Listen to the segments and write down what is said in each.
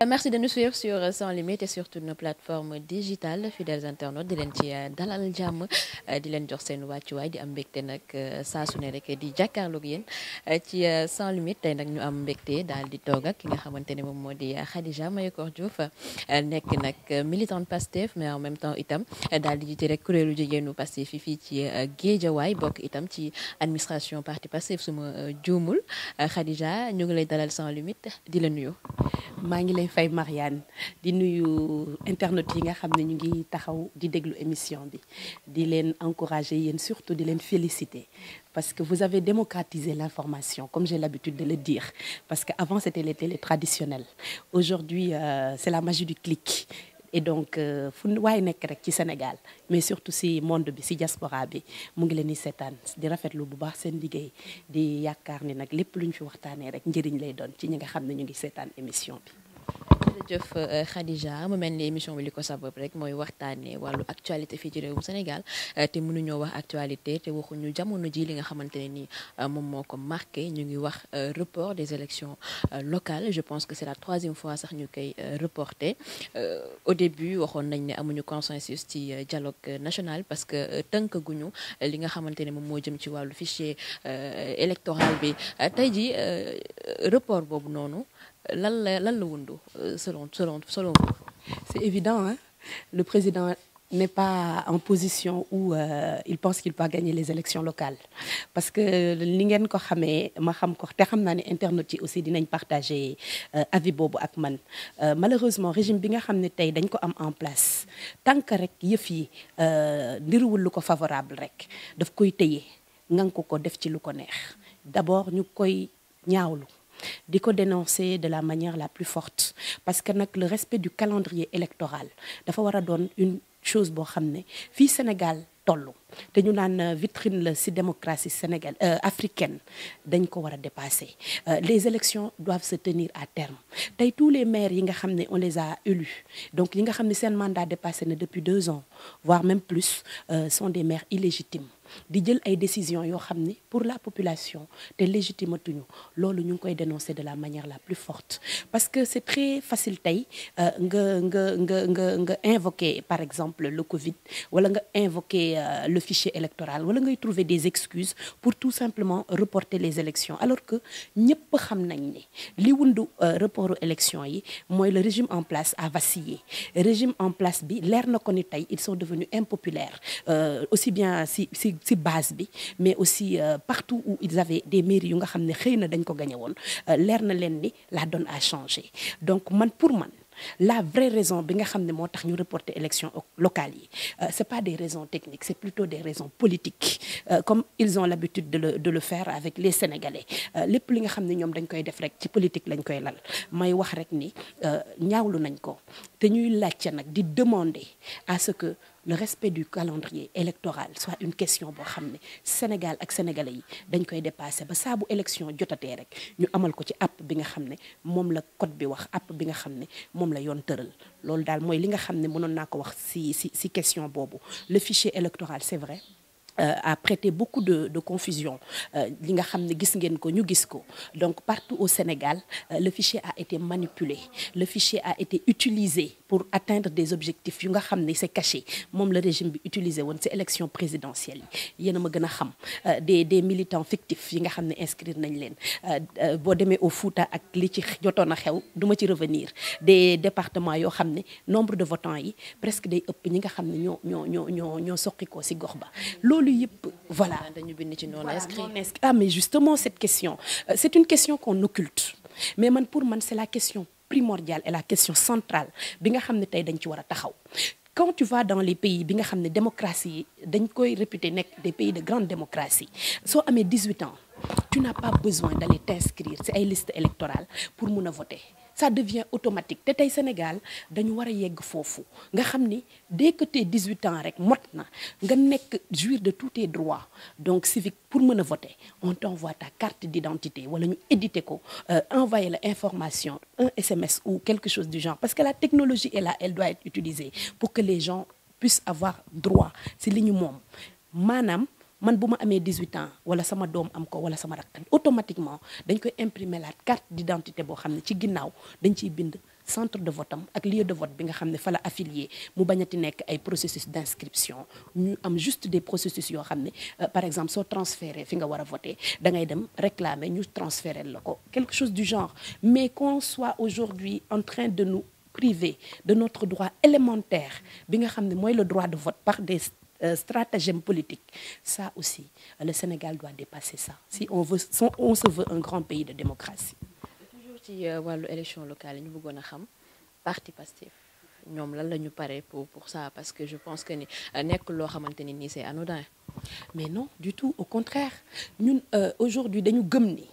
Euh, merci de nous suivre sur euh, Sans Limites et sur toutes nos plateformes digitales fidèles internautes di leen ci euh, dalal jàmm di leen jox seen wàccuwaay di am mbégte nag saa su ne rek di jàkkaarloog yéen ci Sans tey nag ñu am mbégte daal di toog ak ki nga xamante ne moom moo di Khadija Mayokor Diouf nekk nag militante Pastef mais en même temps itam dal di jiite rek kuréelu jigéenu Pastef fi fii ci Géejawaay bokk itam ci administration parti Pastef suma juumul Khadija ñoo ngi lay dalal Sans Limites di la nuyu Ndeye Faye di nuyu internet yi nga xam ne ñu ngi taxaw di déglu émission bi di leen encourager yéen surtout di leen féliciter parce que vous avez démocratisé l'information comme j'ai l'habitude de le dire parce que avant c'était les télé traditionnelles aujourd'hui euh, c'est la magie du clic et donc euh, fu waaye nekk rek ci Sénégal mais surtout si monde bi si diaspora bi mu ngi leen di seetaan di rafetlu bu baax seen liggéey di yaakaar ni nag lépp lu ñu fi waxtaanee rek njëriñ lay doon ci ñi nga xam ne ñu ngi seetaan émission bi. jërëjëf euh, Khadija mu mel ni émission bi li ko sabab rek mooy waxtaanee wàllu actualité fii ci réewum Sénégal euh, te mënuñoo wax actualité te waxuñu jamono ji li nga xamante ne nii euh, moom moo ko marqué ñu ngi wax report des élections locales je pense que c'est la troisième fois sax ñu koy reporter au début waxoon nañ ne amuñu consensus ci dialogue national parce que tënkaguñu li nga xamante ne moom moo jëm ci wàllu fichier électoral bi tey ji report boobu noonu lan la lan la wundu euh, selon selon selon vous. c'est évident le président n'est pas en position où euh, il pense qu'il va gagner les élections locales parce que li ngeen ko xamee ma xam ko te xam naa ne internet yi aussi dinañ partager euh, avis boobu ak man malheureusement régime bi nga xam ne tey dañ ko am en place tant que rek yëf yi ndiruwul lu ko favorable rek daf koy téye ngan ko ko def ci lu ko neex d'abord ñu koy ñaawlu di ko dénoncer de la manière la plus forte parce que nag le respect du calendrier électoral dafa war a doon une chose boo xam ne fii Sénégal tollu te ñu naan euh, vitrine la ci démocratie sénégal euh, africaine dañ ko war a dépasser euh, les élections doivent se tenir à terme tey tous les maires yi nga xam ne on les a élus donc yi nga xam ne seen mandat dépassé na depuis deux ans voire même plus sont des maires illégitimes di jël ay décision yoo xam ni pour la population te légitimatuñu loolu ñu ngi koy dénoncer de la manière la plus forte parce que c'est très facile tey euh, nga nga nga nga nga invoquer par exemple le Covid wala nga invoquer euh, le fichier électoral wala ngay trouver des excuses pour tout simplement reporter les élections alors que ñëpp xam nañ ni li wundu euh, reportu élections yi mooy le régime en place a vacillé régime en place bi leer na ko ni ils sont devenus impopulaires ci base bi mais aussi euh, partout où ils avaient des mairies yu nga xam ne xëy na dañ ko gagné woon euh, leer na leen ni la donne à changé donc man pour man la vraie raison bi nga xam ne moo tax ñu reporter élection locale yi euh, c'est pas des raisons techniques c'est plutôt des raisons politiques comme ils ont l'habitude de le de le faire avec les sénégalais lépp li nga xam ne ñoom dañ koy def rek ci politique lañ koy lal may wax rek ni ñaawlu nañ ko te ñuy laajte nag le respect du calendrier électoral soit une question boo xam ne Sénégal ak sénégalais yi dañ koy dépassé ba saa bu élection jotatee rek ñu amal ko ci app bi nga xam ne moom la code bi wax app bi nga xam ne moom la yoon tëral loolu daal mooy li nga xam ne mënoon naa ko wax si si si question boobu le fichier électoral c'est vrai Euh, a prêté beaucoup de de confusion euh, li nga xam ne gis ngeen ko ñu gis ko donc partout au Sénégal euh, le fichier a été manipulé le fichier a été utilisé pour atteindre des objectifs yu nga xam ne c'est caché moom le régime bi utilisé woon si élection présidentielle yi yéen a ma gën a xam des des militants fictifs yi nga xam ne inscrire nañ leen boo demee au Fouta ak li ci jotoon a xew duma ci revenir des départements yoo xam ne nombre de votants yi presque day ëpp ñi nga xam ne ñoo ñoo ñoo ñoo ñoo soqikoo ci gox ba loolu yëpp voilà. Ah, dañu bind ci non inscrit ah mais justement cette question euh, c'est une question qu'on occulte mais man pour man c'est la question primordiale et la question centrale bi nga xam ne tey dañ ci war a taxaw. quand tu vas dans les pays bi nga xam ne démocratie dañ koy réputé nekk des pays de grande démocratie soo amee 18 ans tu n'as pas besoin d'aller t'inscrire ci ay liste électorale pour mun a voter. ça devient automatique te tey Sénégal dañu war a yegg foofu nga xam ni dès que t'es 18 ans rek mot na nga nekk jouir de tous tes droits donc civique pour mën a voter on t'envoie ta carte d'identité wala ñu éditer ko euh, envoyer la information un SMS ou quelque chose du genre parce que la technologie est la elle doit être utilisée pour que les gens puissent avoir droit si li ñu moom maanaam man bu ma amee dix 18 ans wala sama doom am ko wala sama rakk automatiquement dañ koy imprimer la carte d'identité boo xam ne ci ginnaaw dañ ciy bind centre de vote am ak lieu de vote bi nga xam ne fa la affilié mu bañati nekk ay processus d'inscription ñu am juste des processus yoo xam ne euh, par exemple soo transféré fi nga war a voter da ngay dem réclamer ñu transférer la ko quelque chose du genre mais qu'on soit aujourd'hui en train de nous priver de notre élémentaire bi nga xam ne mooy le droit de vote par des euh, stratagème politique. Ça aussi, le Sénégal doit dépasser ça. Si on si on se veut un grand pays de démocratie. toujours ci euh, wàllu élection locale yi ñu bëggoon a xam parti Pastef ñoom lan la ñu paree pour pour ça parce que je pense que ni euh, nekk loo xamante ni nii c'est anodin. mais non du tout au contraire euh, aujourd'hui dañu gëm ni.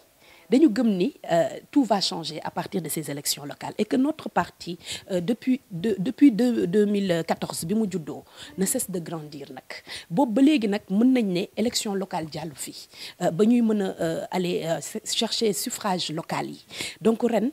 dañu gëm ni euh, tout va changer à partir de ces élections locales et que notre parti euh, depuis de depuis deux 2014 bi mu juddoo ne cesse de grandir nag boobu ba léegi nag mën nañ ne élection locale jàllu fii euh, ba ñuy mën a aller chercher suffrage local yi donc ren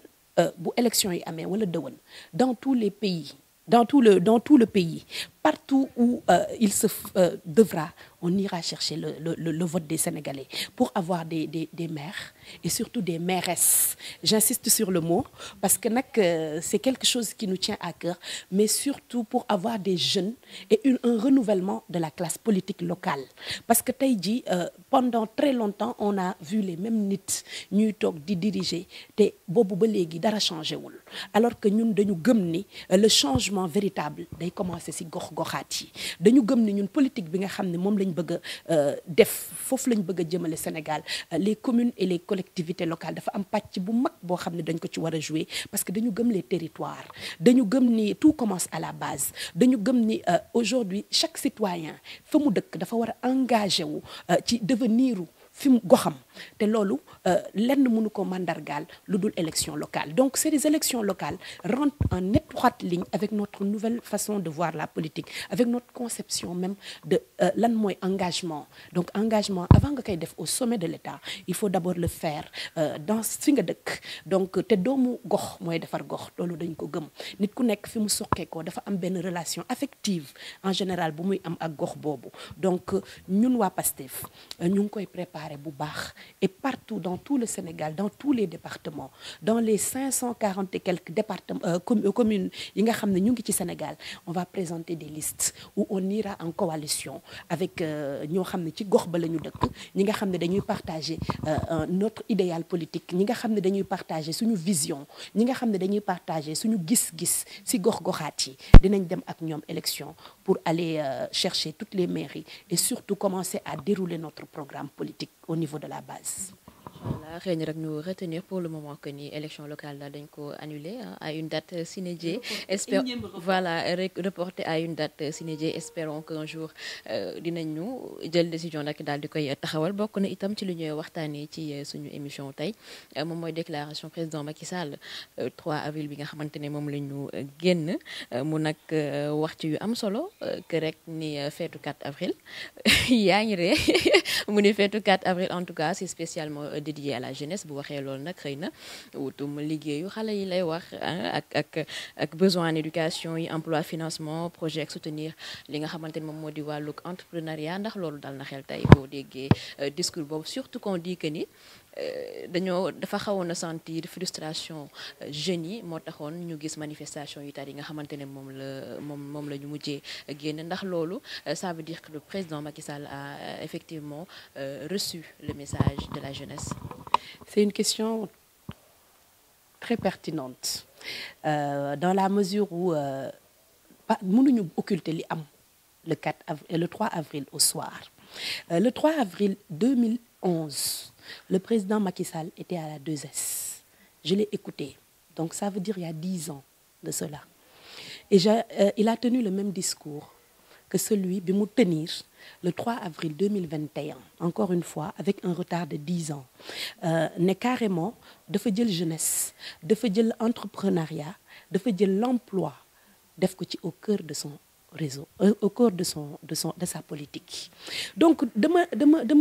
bu élection yi amee wala dëwën dans tous les pays dans tout le dans tout le pays partout où euh, il se euh, devra, on ira chercher le, le, le, vote des Sénégalais pour avoir des, des, des maires et surtout des mairesses. J'insiste sur le mot parce que euh, c'est quelque chose qui nous tient à cœur, mais surtout pour avoir des jeunes et une, un renouvellement de la classe politique locale. Parce que Taïdi, euh, pendant très longtemps, on a vu les mêmes nits, ñuy toog di diriger te boobu ba léegi dara changé wul alors que ñun dañu gëm ni euh, le changement véritable day commencé si gox gox-goxaat yi dañu gëm ni ñun politique bi nga xam ne moom lañ bëgg euh, def foofu lañ bëgg a jëmale Sénégal euh, les communes et les collectivités locales dafa am pàcc bu mag boo xam ne dañ ko ci war a jouer parce que dañu gëm les territoires dañu gëm ni tout commence à la base dañu gëm ni euh, aujourd'hui chaque citoyen fa mu dëkk dafa war a engagé wu ci deveniru fi mu goxam te loolu euh, lenn mënu ko mandargaal lu dul élection locale donc ces élections locales rentrent en étroite ligne avec notre nouvelle façon de voir la politique avec notre conception même de euh, lan mooy engagement donc engagement avant nga koy def au sommet de l'État il faut d'abord le faire euh, dans fi nga dëkk donc te doomu gox mooy defar gox loolu dañ ko gëm nit ku nekk fi mu soqee ko dafa am benn relation affective en général bu muy am ak gox boobu donc ngi koy préparer préparé bu baax et partout dans tous le Sénégal dans tous les départements dans les 540 et quelques départements euh, euh, communes yi nga xam ne ñu ngi ci Sénégal on va présenter des listes où on ira en coalition avec euh, ñoo xam ne ci gox ba la ñu dëkk ñi nga xam ne dañuy partager euh, notre idéal politique ñi nga xam ne dañuy partager suñu vision ñi nga xam ne dañuy partager suñu gis-gis si gox goxaat yi dinañ dem ak ñoom élection pour aller euh, chercher toutes les mairies et surtout commencer à dérouler notre programme politique au niveau de la base. voilà xëy na rek ñu retenir pour le moment que ni élection locale daal dañ ko annulé à une date euh, sinédiée espère voilà rek à une date euh, sinédiée espérons qu'un jour euh, dinañ ñu jël décision nag daal di koy taxawal bokk na itam ci lu ñuy waxtaanee ci suñu émission tey moom mooy déclaration président Macky Sall 3 avril bi nga xamante ne moom la ñu génn mu nag wax ci yu am solo que rek ni feetu 4 avril yaa ngi ree mu ni feetu 4 avril en tout dédié à la jeunesse bu waxee loolu nag xëy na ma liggéeyu xale yi lay wax ak ak ak besoin en éducation yi emploi financement projet ak soutenir li nga xamante ni moom moo di wàllug entrepreneuriat ndax loolu dal na xel tey boo déggee euh, discours boobu surtout qu'on dit que Euh, dañoo dafa xawoon a sentir frustration euh, jeunes yi moo taxoon ñu gis manifestation yu tar yi nga xamante ne moom la moom moom la ñu mujjee génn ndax loolu euh, ça veut dire que le président Macky Sall a effectivement reçu le message de la jeunesse. C'est une question très pertinente dans la mesure où pa mënuñu occulter li am le 4 avril le 3 avril au soir le avril Le président Macky Sall était à la 2S. Je l'ai écouté. Donc ça veut dire il y a 10 ans de cela. Et je, euh, il a tenu le même discours que celui de tenir le avril encore une fois, avec un retard de dix ans. Euh, ne carrément de faire jeunesse, de faire entrepreneuriat, de faire l'emploi, de au cœur de son réseau, euh, au cœur de, son, de, son, de sa politique. Donc, de me, de me, de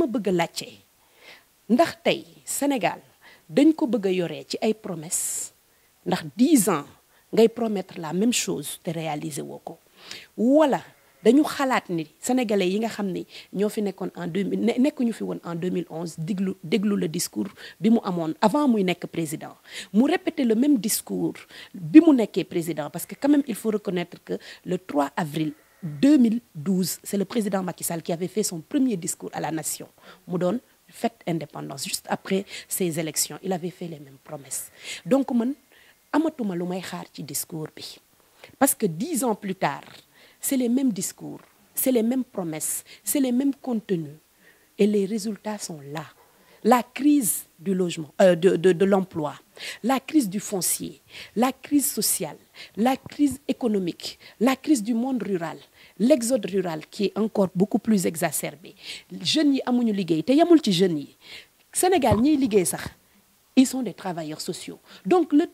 ndax tey Sénégal dañ ko bëgg a yoree ci ay promesse ndax dix ans ngay promettre la même chose te réaliser woo ko wala dañu xalaat ni sénégalais yi nga xam ni ñoo fi nekkoon en 2000 nekkuñu fi woon en 2011 déglu déglu le discours bi mu amoon avant muy nekk président mu répéter le même discours bi mu nekkee président parce que quand même il faut reconnaître que le 3 avril 2012 c'est le président Macky Sall qui avait fait son premier discours à la nation mu doon fête indépendance juste après ces élections il avait fait les mêmes promesses donc man amatuma lu may xaar ci discours bi parce que dix ans plus tard c'est les mêmes discours c'est les mêmes promesses c'est les mêmes contenus et les résultats sont là la crise du logement euh, de de de l'emploi la crise du foncier la crise sociale la crise économique la crise du monde rural l'exode rural qui est encore beaucoup plus exacerbé jeunes yi amuñu liggéey te yemul ci jeunes yi Sénégal ñiy liggéey sax ils sont des travailleurs sociaux donc le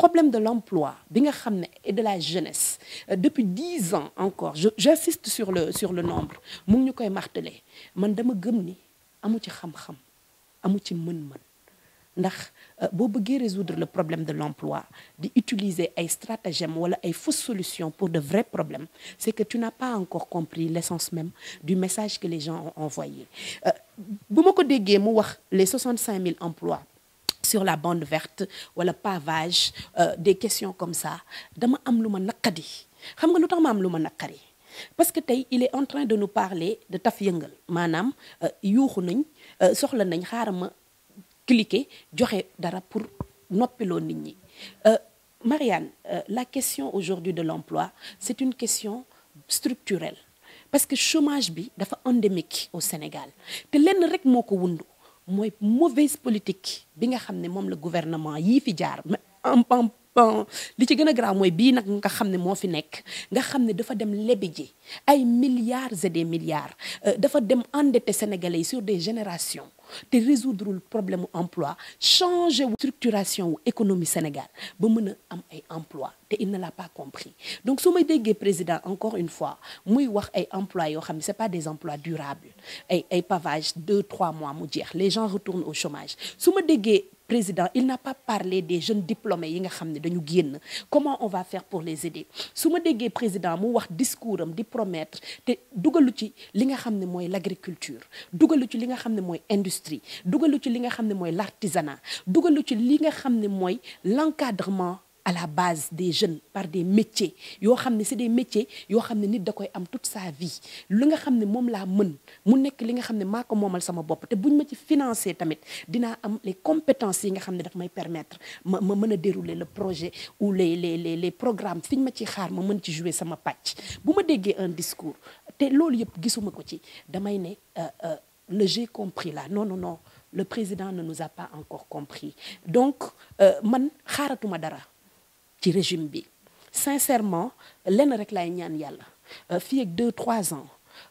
problème de l'emploi bi nga xam ne et de la jeunesse euh, depuis dix ans encore je j'insiste sur le sur nombre mu ñu koy marteler man dama gëm ni amu ci xam-xam amu ci mën-mën ndax euh, boo bëggee résoudre le problème de l'emploi di utiliser ay stratagèmes wala ay fausses solution pour de vrais problèmes c'est que tu n'as pas encore compris l'essence même du message que les gens ont envoyé euh, bu ma ko déggee mu wax les 65 000 emplois sur la bande verte wala pavage euh, des questions comme ça dama am lu ma naqadi xam nga lu tax ma am lu ma naqari parce que tey il est en train de nous parler de taf yëngal maanaam yuuxu nañ soxla nañ xaaral ma cliquer joxe dara pour noppiloo nit ñi euh, Marianne euh, la question aujourd'hui de l'emploi c'est une question structurelle parce que chômage bi dafa endémique au Sénégal te lenn rek moo ko wundu mooy mauvaise politique bi nga xam ne moom la gouvernement yi fi jaar en bon li ci gën a garaaw mooy bii nag nga xam ne moo fi nekk nga xam ne dafa dem lebi ji ay milliards et des milliards euh, dafa dem endetté sénégalais sur des générations te résoudre problème mu emploi changer wu structuration wu économie Sénégal ba mën a am ay emploi te il ne l'a pas compris donc su may déggee président encore une fois muy wax ay emplois yoo xam ne c'est pas des emplois durables ay ay pavage deux trois mois mu jeex les gens retournent au chômage su ma déggee président il n'a pas parlé des jeunes diplômés yi nga xam ne dañu génn comment on va faire pour les aider su ma déggee président mu wax discours di promettre te dugalu ci li nga xam ne mooy l'agriculture dugalu ci li nga xam ne mooy industrie dugalu ci li nga xam ne mooy l'artisanat dugalu ci li nga xam ne mooy l'encadrement à la base des jeunes par des métiers yoo xam ne c'est des métiers yoo xam ne nit da koy am tout sa vie li nga xam ne moom laa mën mu nekk li nga xam ne maa ko moomal sama bopp te buñ ma ci financer tamit dina am les compétences yi nga xam ne daf may permettre ma ma mën a dérouler le projet ou les les les les programmes fiñ ma ci xaar ma mën ci jouer sama pàcc bu ma déggee un discours te loolu yëpp gisuma ko ci damay ne euh, euh, le j'ai compris là no non non le président ne nous a pas encore compris donc euh, man xaaratuma dara ci régime bi sincèrement lenn rek laay ñaan yàlla euh, fii ak deux trois ans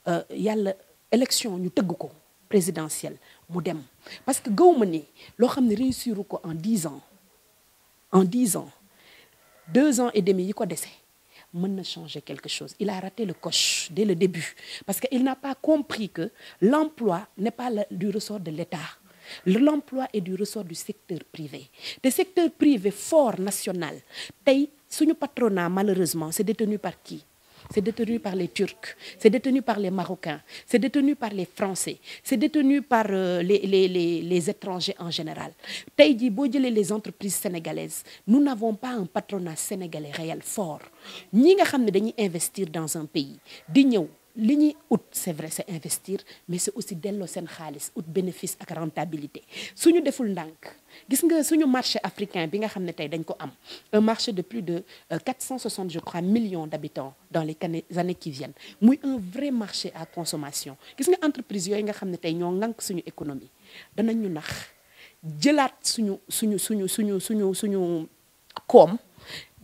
euh, yàlla élection ñu tëgg ko présidentielle mu dem parce que gaw ma ni loo xam ne réussir ko en dix ans en dix ans deux ans et demi yi ko dese mën na changer quelque chose il a raté le coche dès le début parce que il n'a pas compris que l'emploi n'est pas du ressort de l'État l'emploi est du ressort du secteur privé te secteur privé fort national tey suñu patronat malheureusement c'est détenu par qui c'est détenu par les Turcs c'est détenu par les Marocains c'est détenu par les Français c'est détenu par euh, les les les les étrangers en général tey jii boo jëlee les entreprises sénégalaises nous n'avons pas un patronat sénégalais réel fort ñi nga xam ne dañuy investir dans un pays di ñëw li ñuy ut c'est vrai c'est investir mais c'est aussi delloo seen xaalis ut bénéfice ak rentabilité suñu deful ndànk gis nga suñu marché africain bi nga xam ne tey dañ ko am un marché de plus de 460 euh, je crois millions d'habitants dans les années qui viennent muy un vrai marché à consommation gis nga entreprise yooyu nga xam ne tey ñoo ŋànk suñu économie danañ ñu nax jëlaat suñu suñu suñu suñu suñu suñu koom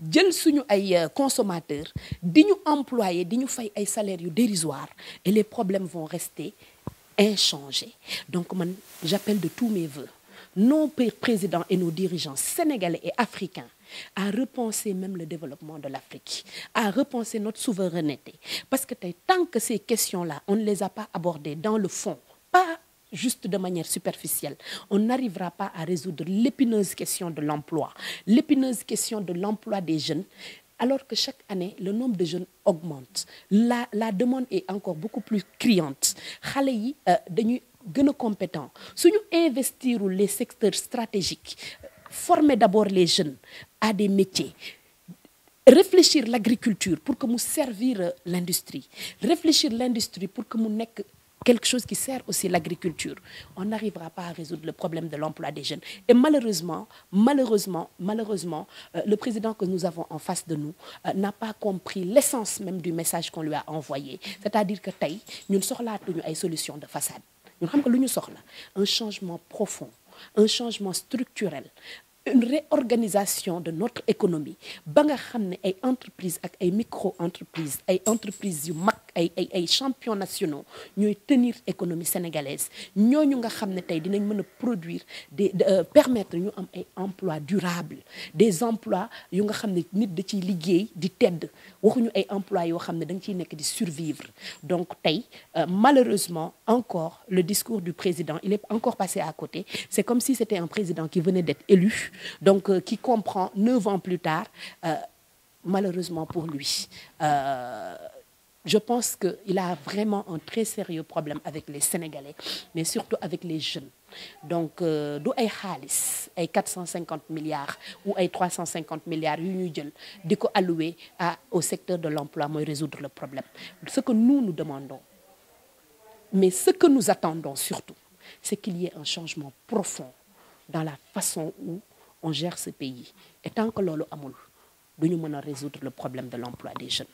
jël suñu ay euh, consommateurs di ñu employé di ñu fay ay salaires yu dérisoire et les problèmes vont rester inchangés donc man j'appelle de tous mes voeux nos présidents et nos dirigeants sénégalais et africains à repenser même le développement de l'Afrique, à repenser notre souveraineté. Parce que tant que ces questions-là, on ne les a pas abordées dans le fond, juste de manière superficielle on n'arrivera pas à résoudre l'épineuse question de l'emploi l'épineuse question de l'emploi des jeunes alors que chaque année le nombre de jeunes augmente la la demande est encore beaucoup plus criante xale yi euh, dañuy gën a compétent suñu investirul les secteurs stratégiques former d'abord les jeunes à des métiers réfléchir l'agriculture pour que mu servir euh, l'industrie réfléchir l'industrie pour que mu nekk quelque chose qui sert aussi l'agriculture, on n'arrivera pas à résoudre le problème de l'emploi des jeunes. Et malheureusement, malheureusement, malheureusement, euh, le président que nous avons en face de nous euh, n'a pas compris l'essence même du message qu'on lui a envoyé. C'est-à-dire que tey ñun soxlaatuñu ay solution de façade ñun xam nga lu ñu soxla un changement profond, un changement structurel. une réorganisation de notre économie ba nga xam ne ay entreprise ak ay micro entreprise ay entreprise yu mag ay ay ay champions nationaux ñooy tenir économie sénégalaise ñu nga xam ne tey dinañ mën a produire des euh, permettre ñu am ay emplois durables des emplois yu nga xam ne nit da ciy liggéey di tedd waxuñu ay emplois yoo xam ne da nga ciy nekk di survivre donc tey euh, malheureusement encore le discours du président il est encore passé à côté c'est comme si c'était un président qui donc euh, qui comprend neuf ans plus tard, euh, malheureusement pour lui. Euh, je pense qu'il a vraiment un très sérieux problème avec les Sénégalais, mais surtout avec les jeunes. donc euh, du ay xaalis ay 450 milliards ou ay 350 milliards yu ñuy jël di ko au secteur de l'emploi mooy résoudre le problème ce que nous nous demandons mais ce que nous attendons surtout c'est qu'il y ait un changement profond dans la façon où on gère ce pays et tant que loolu amul du ñu mën a résoudre le problème de l'emploi des jeunes.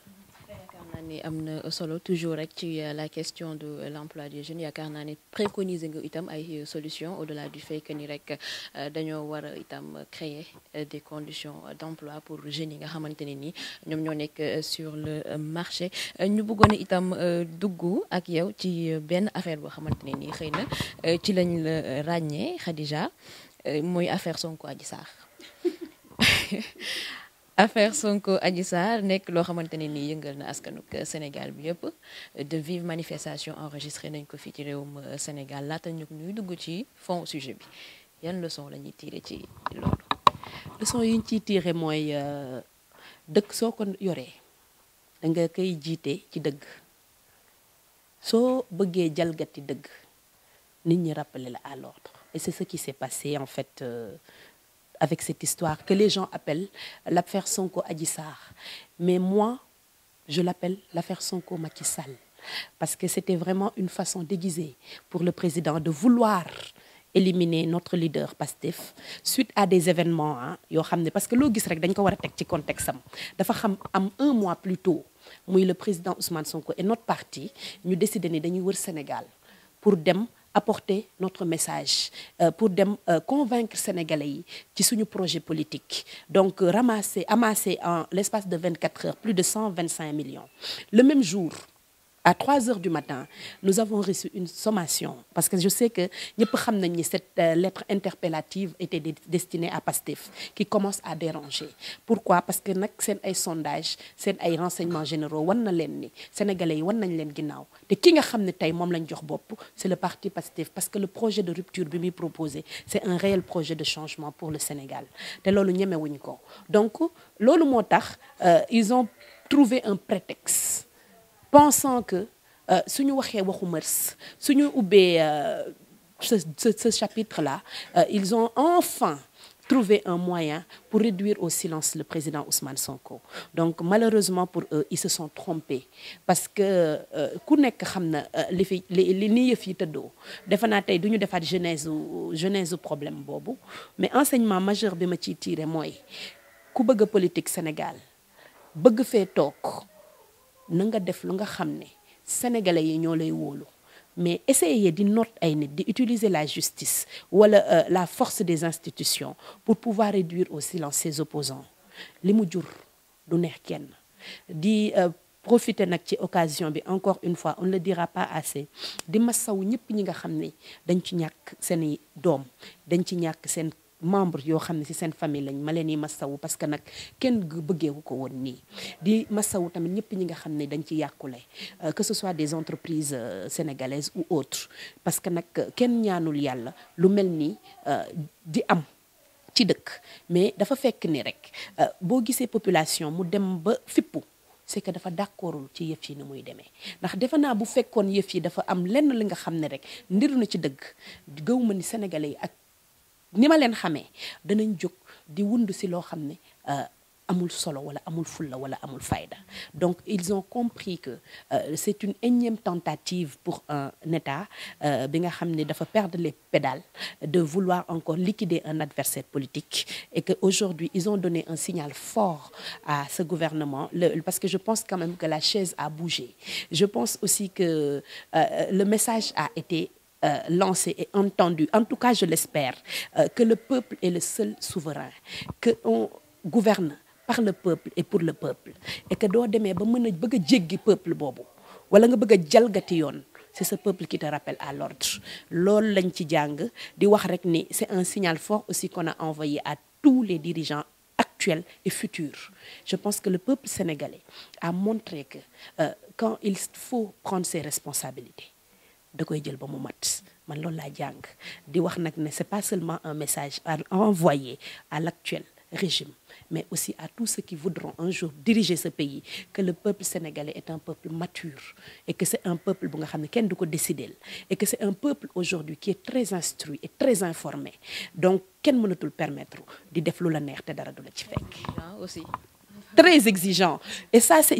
yaakaar naa ni am na solo toujours rek ci euh, la question de euh, l'emploi des jeunes yaakaar naa ni préconiser nga itam ay euh, solution au-delà du fait que ni rek dañoo war a itam créer des conditions d'emploi pour jeunes yi nga xamante ne ni ñoom ñoo nekk sur le marché ñu bëggoon itam dugg ak yow ci benn affaire boo xamante ne ni xëy na ci lañ la ràññee Khadija. Euh, mooy affaire Sonko aji Sarr affaire Sonko Adji Sarr nekk loo xamante ne nii yëngal na askanu euh, Sénégal bi yëpp euh, de vive manifestation enregistré nañ ko fii ci réewum Sénégal laata ñu ñuy dugg ci fond sujet bi yan leçon la ñuy tiire ci loolu. leçon yi ñu ciy tiire mooy dëkk soo ko yoree da nga koy jiite ci dëgg soo bëggee jalgati dëgg nit ñi rappelé la à l'ordre Et c'est ce qui s'est passé en fait euh, avec cette histoire que les gens appellent l'affaire Sonko Adissar. Mais moi, je l'appelle l'affaire Sonko Macky Sall parce que c'était vraiment une façon déguisée pour le président de vouloir éliminer notre leader Pastef suite à des événements ah yoo xam ne parce que loo gis rek dañ ko war a teg ci contexte am dafa xam am un mois plus tôt muy le président Ousmane Sonko et notre parti ñu décidé ni dañuy wër Sénégal pour dem apporter notre message euh, pour dem euh, convaincre sénégalais yi ci suñu projet politique donc euh, ramasser amasser en l'espace de 24 heures plus de 125 millions le même jour à trois heures du matin nous avons reçu une sommation parce que je sais que ñëpp xam nañ ni cette euh, lettre interpellative était destinée à Pastef qui commence à déranger pourquoi parce que nag seen ay sondage seen ay renseignements généraux wan na leen ni sénégalais yi wan nañ leen ginnaaw te ki nga xam ne tey moom lañ jox bopp c'est le parti Pastef parce que le projet de rupture bi muy proposé c'est un réel projet de changement pour le Sénégal te loolu ko donc loolu moo tax euh, ils ont trouvé un prétexte pensant que euh, ñu waxee waxu mërs suñu ubbee euh, ce ce chapitre là euh, ils ont enfin trouver un moyen pour réduire au silence le président Ousmane Sonko donc malheureusement pour eux ils se sont trompés parce que ku nekk xam na li fi li ni yëf yi tëddoo defe naa tey du ñu defaat genèse genèse problème boobu mais enseignement majeur bi ma ciy tiire mooy ku bëgg politique Sénégal bëgg fee toog na nga def lu nga xam ne sénégalais yi ñoo lay wóolu mais essayer di noot ay nit di utiliser la justice wala euh, la force des institutions pour pouvoir réduire au silence ses opposants li mu jur du neex kenn di euh, profiter nag ci occasion bi encore une fois on ne le dira pas assez di saw ñëpp ñi nga xam ni dañ ci ñàkk seen doom dañ ci ñàkk seen membre yoo xam ne si seen famille lañ ma leen yi masawu parce que nag kenn bëggeeku ko woon nii di masawu tamit ñëpp ñi nga xam ne dañ ci yàqule euh, que ce soit des entreprises euh, sénégalaises ou autres parce que nag kenn ñaanul yàlla lu mel nii euh, di am ci dëkk mais dafa fekk ni rek boo gisee population mu dem ba fippu c'est que dafa d'accordul ci yëf yi ni muy demee ndax defe naa bu fekkoon yëf yi dafa am lenn li nga xam ne rek ndiru na ci dëgg gëw ma ni ni ma leen xamee danañ jóg di wund si loo xam ne euh, amul solo wala amul foula wala amul fayda donc ils ont compris que euh, c'est une énième tentative pour un État euh, bi nga xam ne dafa perdre les pédales de vouloir encore liquider un adversaire politique et que aujourd'hui ils ont donné un signal fort à ce gouvernement le, parce que je pense quand même que la chaise a bougé je pense aussi que euh, le message a été euh, lancé et entendu, en tout cas je l'espère, euh, que le peuple est le seul souverain, qu'on gouverne par le peuple et pour le peuple, et que doo demee ba mën a bëgg a jéggi peuple boobu wala nga bëgg a jalgati yoon c'est ce peuple qui te rappelle à l'ordre loolu lañ ci jàng di wax rek ni c'est un signal fort aussi qu'on a envoyé à tous les dirigeants actuels et futurs je pense que le peuple sénégalais a montré que euh, quand il faut prendre ses responsabilités da koy jël ba mu mat man loolu laa jàng di wax nag ne c'est pas seulement un message à envoyer à l'actuel régime mais aussi à tous ceux qui voudront un jour diriger ce pays que le peuple sénégalais est un peuple mature et que c'est un peuple bu nga xam ne du ko décider et que c'est un peuple aujourd'hui qui est très instruit et très informé donc kenn mënatul permettre di def lu la neex te dara du la ci fekk ah, aussi très exigeant et ça c'est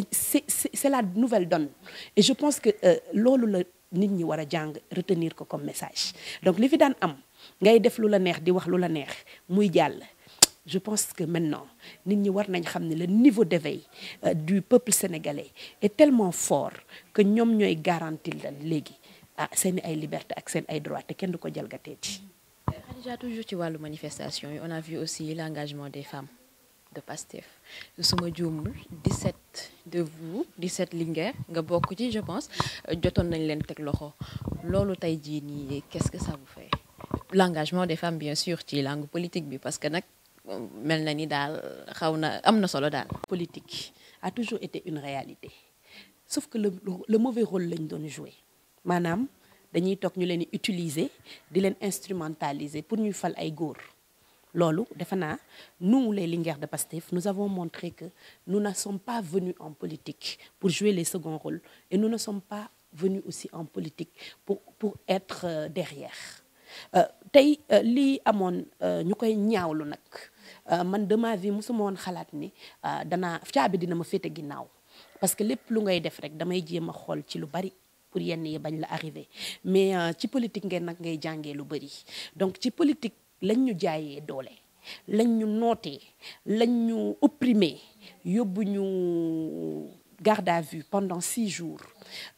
nit ñi war a jàng retenir ko comme message donc li fi daan am ngay def lu la neex di wax lu la neex muy jàll je pense que maintenant nit ñi war nañ xam ne le niveau de d'éveil euh, du peuple sénégalais est tellement fort que ñoom ñooy garantir la léegi ah seen ay liberté ak seen ay droit te kenn du ko jalgatee ti Khadija toujours ci wàllu manifestation yi on a vu aussi l'engagement des femmes. de Pastef su ma juumul 17 de di 17 Linguère nga bokk ci je pense euh, jotoon nañ leen teg loxo loolu tey jii nii qu'est-ce que ça vous fait l'engagement des femmes bien sûr ci langu politique bi parce que nag euh, mel na ni daal xaw na am na solo daal. politique a toujours été une réalité sauf que le mauvais rôle lañ doon jouer maanaam dañuy toog ñu leen di utiliser di leen instrumentaliser pour ñuy fal ay góor. loolu defe naa nous les Linguères de Pastef nous avons montré que nous ne sommes pas venus en politique pour jouer les seconds rôles et nous ne sommes pas venus aussi en politique pour pour être euh, derrière euh, tey euh, lii amoon ñu koy ñaawlu nag man de ma vie mosuma woon xalaat ni danaa caabi dina ma féete ginnaaw parce que lépp lu ngay def rek damay jéem a xool ci lu bari pour yenn yi bañ la arrivé mais ci politique ngeen nag ngay jàngee lu bari donc ci politique lañ ñu jaayee doole lañ ñu nootee lañ ñu opprimé yóbbu ñu garde à vue pendant six jours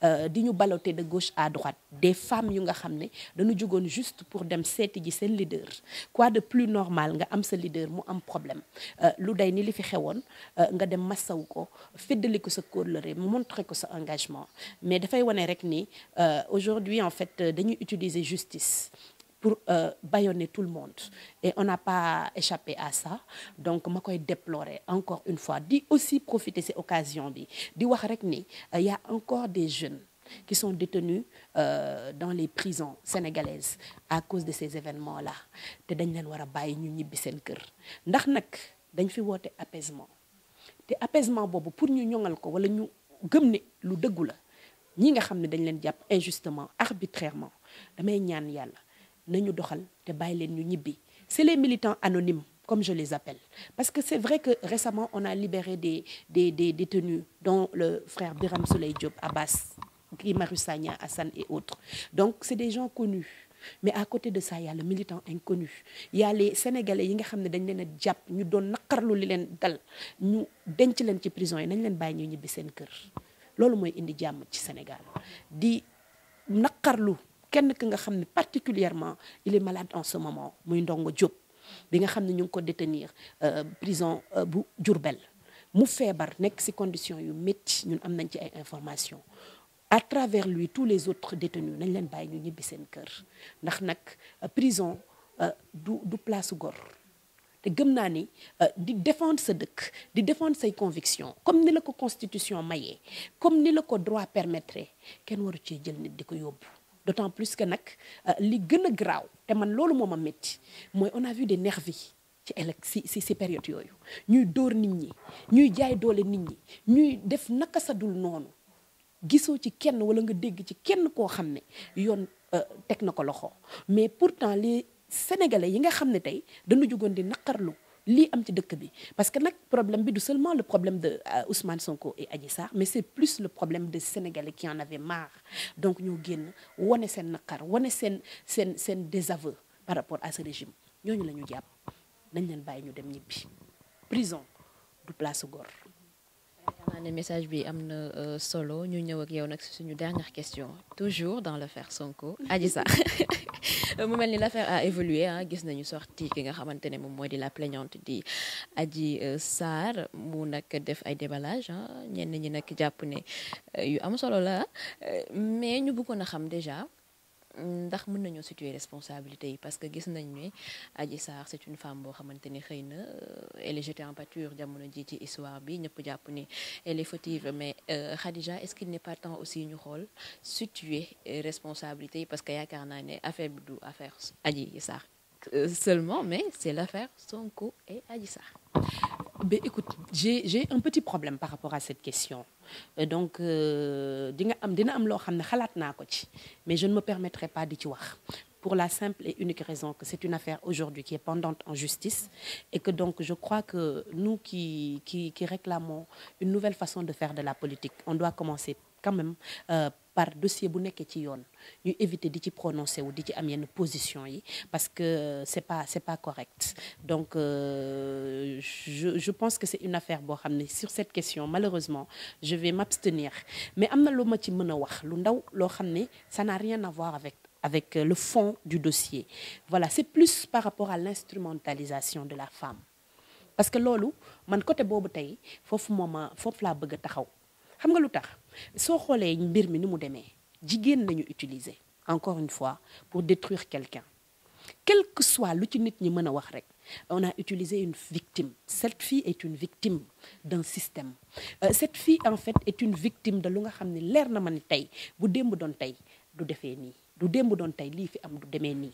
euh, di ñu baloté de gauche à droite des femmes yu nga xam ne dañu jógoon juste pour dem seeti ji seen leader quoi de plus normale nga am sa leader mu am problème euh, lu day ni li fi xewoon euh, nga dem massaw ko féddali ko sa kóllëre montré ko sa engagement mais dafay wane rek ni aujourd'hui en fait dañuy utiliser justice pour euh, bâillonner tout le monde. Et on n'a pas échappé à ça. Donc, ma koy déplorer encore une fois. Di aussi profiter ces occasions bi. Di wax rek ni il euh, encore des jeunes qui sont détenus euh, dans les prisons sénégalaises à cause de ces événements la Te dañ leen war a bàyyi ñu ñibbi seen kër ndax nag dañ fi woote apaisement te apaisement boobu pour ñu ñoŋal ko wala ñu gëm ni lu dëggu la ñi nga xam ne dañ leen jàpp injustement arbitrairement damay ñaan yàlla nañu doxal te bàyyi leen ñu ñibbi c'est les militants anonymes comme je les appelle parce que c'est vrai que récemment on a libéré des des des détenus dont le frère Biram Souleye Diop Abbas Guimari Sagna Assane et autres donc c'est des gens connus mais à côté de ça y a le militant inconnu y a les yi nga xam ne dañ leen a jàpp ñu doon naqarlu li leen dal ñu denc leen ci prison yi nañ leen bàyyi ñu ñibbi seen kër loolu mooy indi jàmm ci Sénégal di naqarlu kenn ki nga xam ne particulièrement il est malade en ce moment muy Ndongo Diop bi nga xam ne ñu ngi ko détenir euh, prison euh, bu Diourbel mu feebar nekk si condition yu métti ñun am nañ ci ay information à travers lui tous les autres détenus nañ leen bàyyi ñu ñibbi seen kër ndax nag euh, prison du du place gor te gëm naa ni di défendre sa dëkk di défendre say convictions comme ni la ko constitution mayee comme ni la ko droit permettre kenn waru cee jël nit di ko yóbbu d'autant plus que nag euh, li gën a graaw te man loolu moom ma métti mooy on a vu des ci élec si si si yooyu ñuy dóor nit ñi ñuy jaay doole nit ñi ñuy def naka sa noonu gisoo ci kenn wala nga dégg ci kenn koo xam ne yoon euh, teg na ko loxo mais pourtant les sénégalais yi nga xam ne tey dana jugoon di naqarlu lii am ci dëkk bi parce que nag problème bi du seulement le problème de euh, Ousmane Sonko et Adji Sarr mais c'est plus le problème de Sénégalais qui en avaient marre donc ñoo génn wane seen naqar wane seen seen seen désaveu par rapport à ce régime ñooñu la ñu jàpp nañ leen bàyyi ñu dem ñibbi prison du place gor message bi am na euh, solo ñu ñëw ak yow nag si suñu dernière question toujours dans la l'affaire Sonko Adji Sarr mu mel ni l'affaire a évolué ah gis nañu sorti ki nga xamante ne moom mooy di la plaignante di Adji euh, Sarr mu nag def ay déballage ah ñenn ñi nag jàpp ne euh, yu am solo la mais ñu buggoon a xam déjà ndax mën nañoo situer responsabilité yi parce que gis nañ ne aji Sarr c'est une femme boo xamante ni xëy na euh, elle est jetée en pâture jamono ji ci histoire bi ñëpp jàpp ni elle est fautive mais euh, Khadija est-ce qu'il n'est pas temps aussi ñu xool situer euh, responsabilité yi parce que yaakaar naa ne affaire bi du affaire aji Sarr Euh, seulement, mais c'est l'affaire Sonko et Adissa. Ben, écoute, j'ai un petit problème par rapport à cette question. Et euh, donc, euh, mais je ne me permettrai pas de voir pour la simple et unique raison que c'est une affaire aujourd'hui qui est pendante en justice et que donc je crois que nous qui, qui, qui réclamons une nouvelle façon de faire de la politique, on doit commencer quand même euh, par dossier bu nekkee ci yoon ñu éviter di ci prononcer wu di ci am yenn position yi parce que c'est pas c'est pas correct donc euh, je je pense que c'est une affaire boo xam ne sur cette question malheureusement je vais m'abstenir mais am na lu ma ci mën a wax lu ndaw loo xam ne ça n'a rien à voir avec avec euh, le fond du dossier voilà c'est plus par rapport à l'instrumentalisation de la femme parce que loolu man côté boobu tey foofu mooma foofu laa bëgg a taxaw xam nga lu tax soo xoolee mbir mi ni mu demee jigéen lañu utiliser encore une fois pour détruire quelqu'un quelque que soit lu ci nit ñi mën a wax rek on a utilisé une victime cette fille est une victime d'un système euh, cette en fait est une victime de lu nga xam ni leer na ma ni tey bu démb doon tey du defee nii du démb doon tey lii fi am du demee nii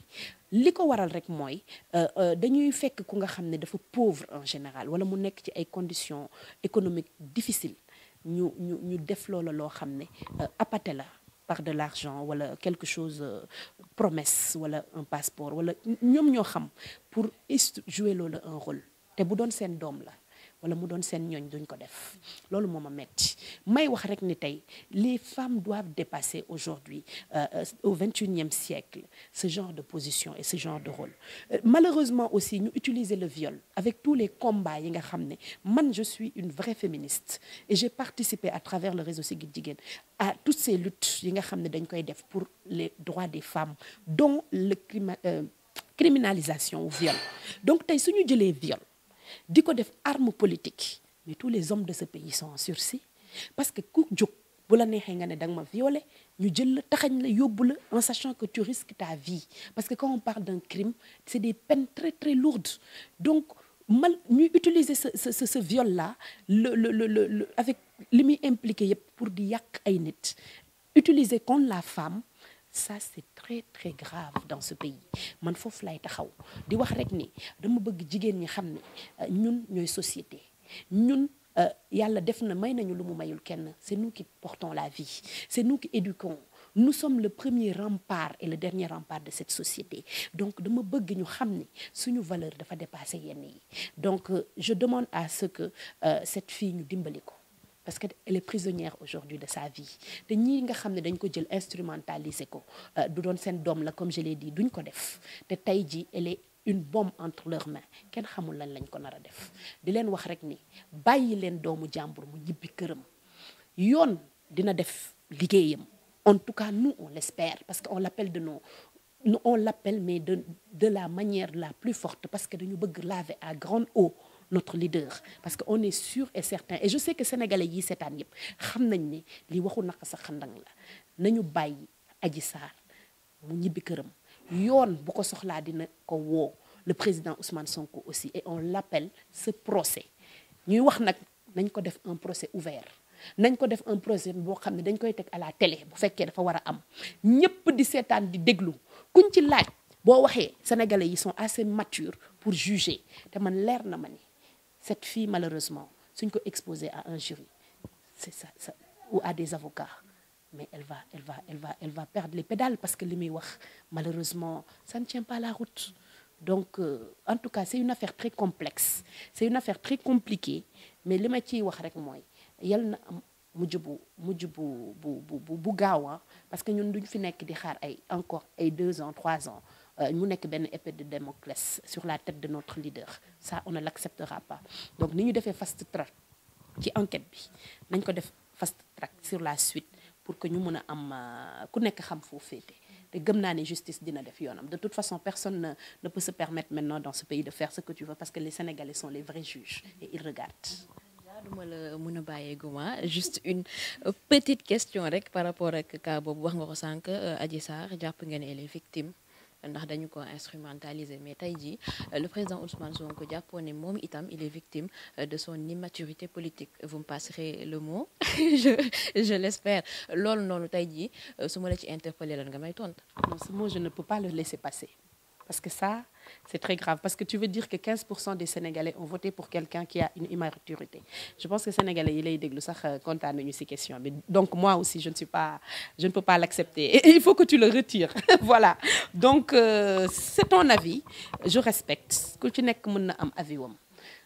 li ko waral rek mooy euh, euh, dañuy fekk ku nga xam ne dafa pauvre en général wala mu nekk ci ay conditions économique difficile ñu ñu ñu def loola loo xam ne euh, appâté la par de l'argent wala quelque chose euh, promesse wala un passeport wala ñoom ñoo xam pour jouer loola un rôle te bu doon seen doom la wala mu doon seen ñooñ duñ ko def loolu moo ma may wax rek ni tey les femmes doivent dépasser aujourd'hui euh, euh, au vingt-et-unième siècle ce genre de position et ce genre de rôle euh, malheureusement aussi ñu utiliser le viol avec tous les combats yi nga xam ne man je suis une vraie féministe et j'ai participé à travers le réseau Siggil Jigéen à toutes ces luttes yi nga xam ne dañ koy def pour les droits des femmes dont le crima euh, criminalisation au viol donc tey suñu jëlee viol di ko def arme politique mais tous les hommes de ce pays sont en sursis parce que ku jóg bu la neexee nga ne ma violé ñu jël la taxañ la yóbbu la en sachant que tu risques ta vie parce que quand on parle d'un crime c'est des peines très très lourdes donc mal ñuy utiliser ce ce ce viol là le le le avec li muy impliqué yëpp pour di yàq ay nit utiliser contre la femme ça c' est très très grave dans ce pays man foofu lay taxaw di wax rek ni dama bëgg jigéen ñi xam ne euh, ñun ñooy société ñun euh, yàlla def na may nañu lu mu mayul kenn c' est nous qui portons la vie c' est nous qui éduquons nous sommes le premier rempart et le dernier rempart de cette société donc dama bëgg ñu xam ne suñu valeur dafa dépassé yenn yi donc euh, je demande à ce que cette fille ñu dimbali ko parce que elle est prisonnière aujourd'hui de sa vie te ñii nga xam ne dañ ko jël instrumentaliser ko euh, du doon seen doom la comme je l'ai dit duñ ko def te tey ji elle est une bombe entre leurs mains kenn xamul lañ lañ ko nar a def di leen wax rek ni bàyyi leen doomu jàmbur mu ñibbi këram yoon dina def liggéeyam en tout cas nous on l'espère parce que on l'appelle de nos nous on l'appelle mais de de la manière la plus forte parce que dañu bëgg laver à grande eau notre leader parce que on est sûr et certain et je sais que sénégalais yi seetaan yëpp xam nañ ni li waxu naka sa xandang la nañu bàyyi aji Sarr mu ñibbi këram yoon bu ko soxlaa dina ko woo le président Ousmane Sonko aussi et on lappel ce procès ñuy wax nag nañ ko def un procès ouvert nañ ko def un procès boo xam ne dañ koy teg à la télé bu fekkee dafa war a am ñëpp di seetaan di déglu kuñ ci laaj boo waxee sénégalais yi sont assez matures pour juger te man leer na ma ni cette fille malheureusement suñ ko exposée à un jury c'est ça, ça ou à des avocats mais elle va elle va elle va elle perdre les pédales parce que li muy wax malheureusement ça ne tient pas la route donc euh, en tout cas c'est une affaire très complexe c'est une affaire très compliquée mais li ma ciy wax rek mooy yal na am mujj bu mujj bu bu bu bu gaaw ah, parce que ñun ñu fi nekk di xaar ay encore ay deux ans trois ans mu euh, nekk benn épée de Damoclès sur la tête de notre leader ça on ne l'acceptera pas donc ni ñu defee fast track ci enquête bi nañ ko def fast track sur la suite pour que ñu mën a am euh, ku nekk xam foo féete te gëm naa ni justice dina def yoonam de toute façon personne ne, ne peut se permettre maintenant dans ce pays de faire ce que tu veux parce que les Sénégalais sont les vrais juges et ils regardent a bàyyee guma juste une euh, petite question rek par rapport a cas boobu wax nga ko sànq Adji Sarr jàpp ngeen elle est victime ndax dañu ko instrumentaliser mais tey jii euh, le président Ousmane Sonko jàppoon ne moom itam il est victime euh, de son immaturité politique vous me passerez le mot je je l'espère loolu noonu tey ji euh, su ma la ci interpellé lan nga may tontu. non ce mot je ne peux pas le laisser passer parce que ça. C'est très grave parce que tu veux dire que 15% des Sénégalais ont voté pour quelqu'un qui a une immaturité. Je pense que Sénégalais yi lay déglu sax euh, kontaan nañu ci question bi donc moi aussi je ne suis pas je ne peux pas l'accepter il faut que tu le retires donc euh, c'est ton avis je respecte ku ci nekk mën na am avis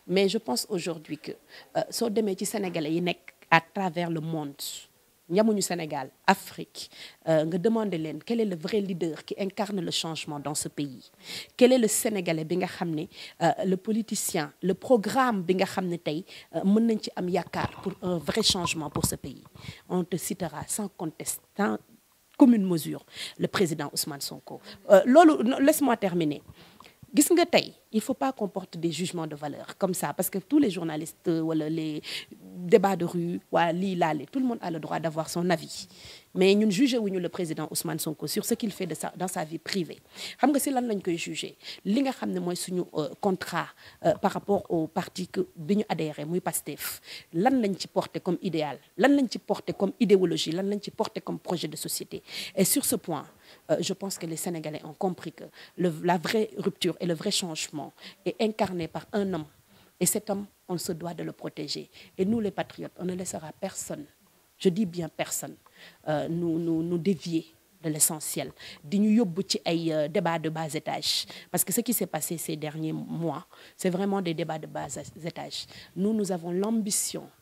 mais je pense aujourd'hui que euh, soo demee ci Sénégalais yi nekk à travers le monde yamuñu Sénégal Afrique euh, nga demandé leen quel est le vrai leader qui incarne le changement dans ce pays quel est le Sénégalais bi nga xam ne euh, le politicien le programme bi nga xam ne tey euh, mën nañ ci am yaakaar pour un vrai changement pour ce pays on te citera sans conteste sans commune mesure le président Ousmane Sonko loolu laisse-moi terminer gis nga tey il faut pas qu'on porte des jugements de valeur comme ça parce que tous les journalistes euh, wala les débats de rue waa lii laale tout le monde a le droit d'avoir son avis mais ñun jugé wuñu le président Ousmane Sonko sur ce qu'il fait de sa dans sa vie privée xam nga si lan lañu koy jugé li nga xam ne mooy suñu euh, contrat euh, par rapport au parti que bi ñu adhéré muy PASTEF lan lañ ci porté comme idéal lan lañ ci porté comme idéologie lan lañ ci porté comme projet de société et sur ce point Euh, je pense que les Sénégalais ont compris que le, la vraie rupture et le vrai changement est incarné par un homme. Et cet homme, on se doit de le protéger. Et nous, les patriotes, on ne laissera personne, je dis bien personne, euh, nous, nous, nous dévier de l'essentiel di ñu yóbbu ci ay euh, débat de bas étage parce que ce qui s'est passé ces derniers mois c'est vraiment des débats de bas étage nous nous avons l'ambition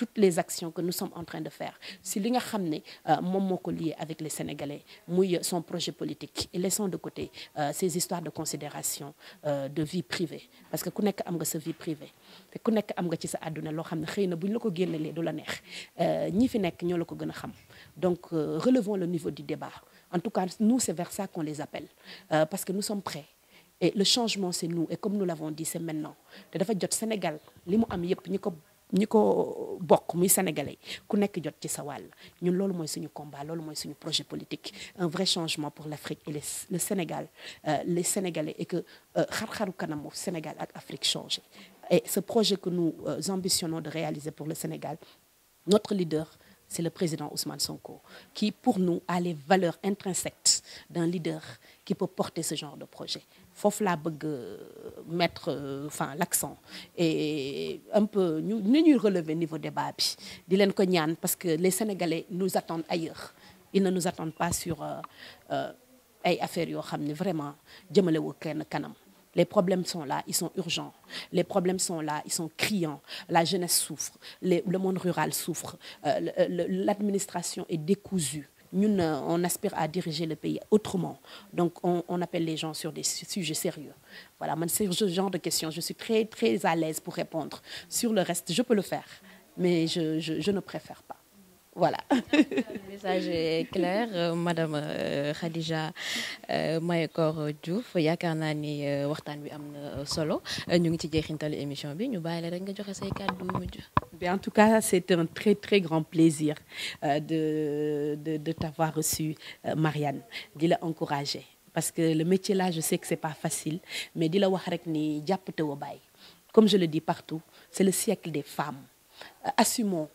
toutes les actions que nous sommes en train de faire si li nga xam ne euh, moom moo ko lié avec les Sénégalais muy son projet politique et laissons de côté euh, ces histoires de considération euh, de vie privée parce que ku nekk am nga sa vie privée te nekk am nga ci sa àdduna loo xam ne xëy na bu ñu la ko génnelee du la neex ñi fi nekk ñoo la ko gën a xam donc relevons le niveau du débat en tout cas nous c'est vers ça qu'on les appelle parce que nous sommes prêts ñi ko bokk muy sénégalais ku nekk jot ci sa wàll ñun loolu mooy suñu combat loolu mooy suñu projet politique un vrai changement pour l'Afrique et le Sénégal euh, les Sénégalais et que euh, xar-xaru Sénégal ak Afrique changé et ce projet que nous euh, ambitionnons de réaliser pour le Sénégal notre leader c'est le président Ousmane Sonko qui pour nous a les valeurs intrinsèques d'un leader qui peut porter ce genre de projet foofu laa bëgg euh, mettre euh, enfin l'accent et un peu ñu ni ñuy relever niveau débat bi di leen ko ñaan parce que les Sénégalais nous attendent ailleurs ils ne nous attendent pas sur euh, ay affaires yoo xam ne vraiment jëmale wu kenn kanam les problèmes sont là ils sont urgents les problèmes sont là ils sont criants la jeunesse souffre les, le monde rural souffre euh, l'administration est décousue ñun euh, on aspire à diriger le pays autrement donc on on appelle les gens sur des sujets sérieux voilà man sur ce genre de questions je suis très très à l'aise pour répondre sur le reste je peux le faire mais je je je ne préfère pas voilà. message est clair euh, madame euh, Khadija euh, Mayekor Diouf yaakaar naa ni euh, waxtaan wi am na solo euh, ñu ngi ci jeexintalu émission bi ñu bàyyi la rek nga joxe say kàddu mujj. bien en tout cas c'est un très très grand plaisir euh, de de de t'avoir reçu Marianne di la encourager parce que le métier là je sais que c'est pas facile mais di la wax rek ni jàpp te wa bàyyi comme je le dis partout c'est le siècle des femmes assumons.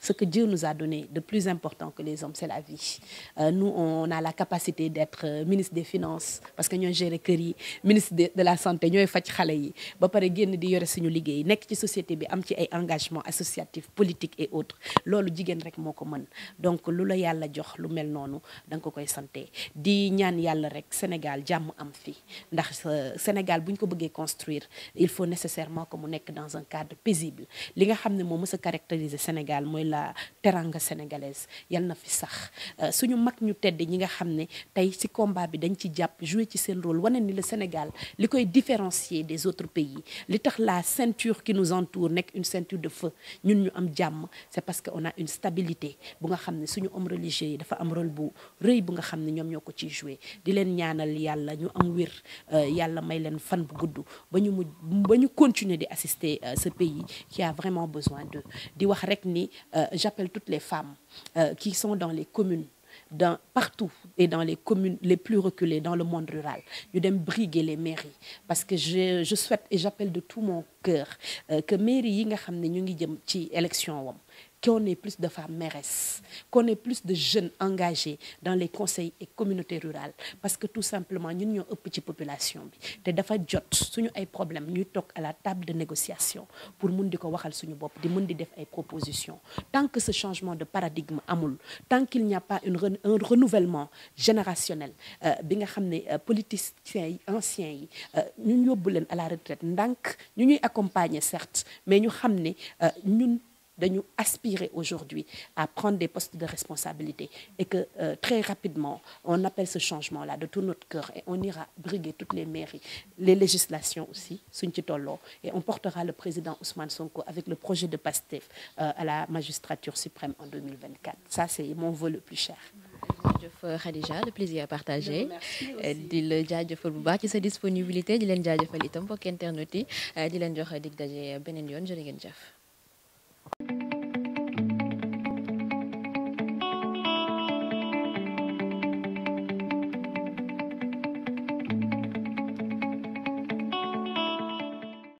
ce que Dieu nous a donné de plus important que les hommes, c'est la vie. Euh, nous, on a la capacité d'être euh, ministre des Finances parce que ñooy gérer kër yi ministre de, de la santé ñooy faj xale yi ba pare génn di yore suñu liggéey nekk ci société bi am ci ay engagements associatifs politiques et autres loolu jigéen rek moo ko mën donc lu la yàlla jox lu mel noonu da ko koy santé di ñaan yàlla rek Sénégal jàmm am fi ndax euh, Sénégal bu ñu ko bëggee construire il faut nécessairement que mu nekk dans un cadre paisible ne moo mës a caractériser Sénégal la teranga sénégalaise yal na fi sax euh, suñu mag ñu tedd ñi nga xam ne tey si combat bi dañ ci jàpp jouer ci seen rôle wane ni le Sénégal li koy différencier des autres pays li tax la ceinture qui nous entoure nekk une ceinture de feu ñun ñu am jàmm c'est parce que on a une stabilité bu nga xam ne suñu homme religieux yi dafa am rôle bu rëy bu nga xam ne ñoom ñoo ko ciy jouer di leen ñaanal yàlla ñu am wér euh, yàlla may leen fan bu gudd ba ñu mu ba ñu continuer di assister euh, ce pays Euh, j'appelle toutes les femmes euh, qui sont dans les communes dans partout et dans les communes les plus reculées dans le monde rural ñu dem briguer les mairies parce que je je souhaite et j'appelle de tout mon cœur euh, que mairie yi nga xam ne ñu ngi jëm ci élection wam qu'on ait plus de femmes mairesses, qu'on ait plus de jeunes engagés dans les conseils et communautés rurales parce que tout simplement ñun ñoo ëpp ci population bi te dafa jot suñu ay problème ñuy toog à la table de négociation pour mun di ko waxal suñu bopp di mun di def ay propositions tant que ce changement de paradigme amul tant qu'il n'y a pas une un renouvellement générationnel euh, bi nga xam ne euh, politiciens yi anciens yi euh, ñun yóbbu leen à la retraite ndànk ñu ñuy accompagner certes mais ñu xam ne ñun dañu aspirer aujourd'hui à prendre des postes que euh, très rapidement on appelle ce changement-là de tout notre cœur et on ira briguer toutes les mairies les législations aussi suñ ci tolloo et on portera le président Ousmane Sonko le projet de PASTEF euh, à la magistrature suprême en 2024 ça c'est mon vœu le plus cher jërëjëf Khadija le euh, di la jaajëfal bu baax ci sa disponibilité di leen jaajëfal itam mbokk internet yi euh, di leen jox dig daje beneen yoon jërë ngeen